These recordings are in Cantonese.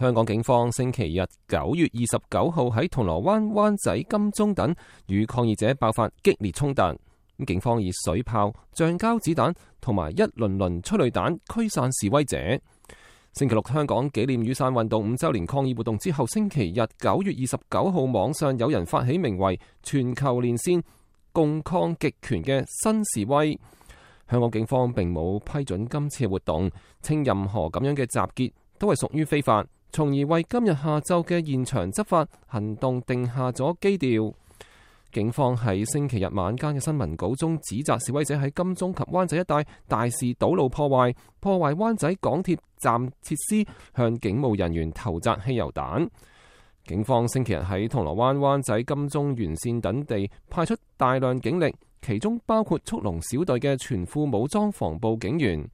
香港警方星期日九月二十九號喺銅鑼灣、灣仔、金鐘等與抗議者爆發激烈衝突，警方以水炮、橡膠子彈同埋一輪輪催淚彈驅散示威者。星期六香港紀念雨傘運動五周年抗議活動之後，星期日九月二十九號網上有人發起名為“全球連綫共抗極權”嘅新示威，香港警方並冇批准今次活動，稱任何咁樣嘅集結都係屬於非法。從而為今日下晝嘅現場執法行動定下咗基調。警方喺星期日晚間嘅新聞稿中指責示威者喺金鐘及灣仔一帶大肆堵路、破壞、破壞灣仔港鐵站設施，向警務人員投擲汽油彈。警方星期日喺銅鑼灣、灣仔、金鐘、沿綫等地派出大量警力，其中包括速龍小隊嘅全副武裝防暴警員。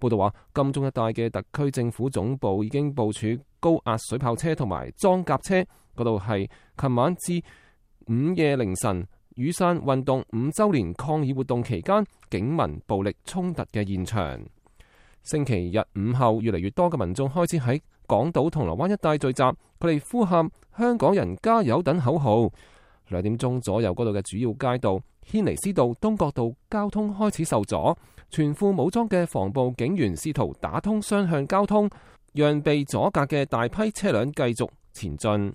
報道話，金鐘一帶嘅特區政府總部已經部署。高壓水炮車同埋裝甲車嗰度係，琴晚至午夜凌晨雨傘運動五周年抗議活動期間警民暴力衝突嘅現場。星期日午後，越嚟越多嘅民眾開始喺港島銅鑼灣一帶聚集，佢哋呼喊“香港人加油”等口號。兩點鐘左右，嗰度嘅主要街道軒尼詩道、東角道交通開始受阻，全副武裝嘅防暴警員試圖打通雙向交通。讓被阻隔嘅大批車輛繼續前進。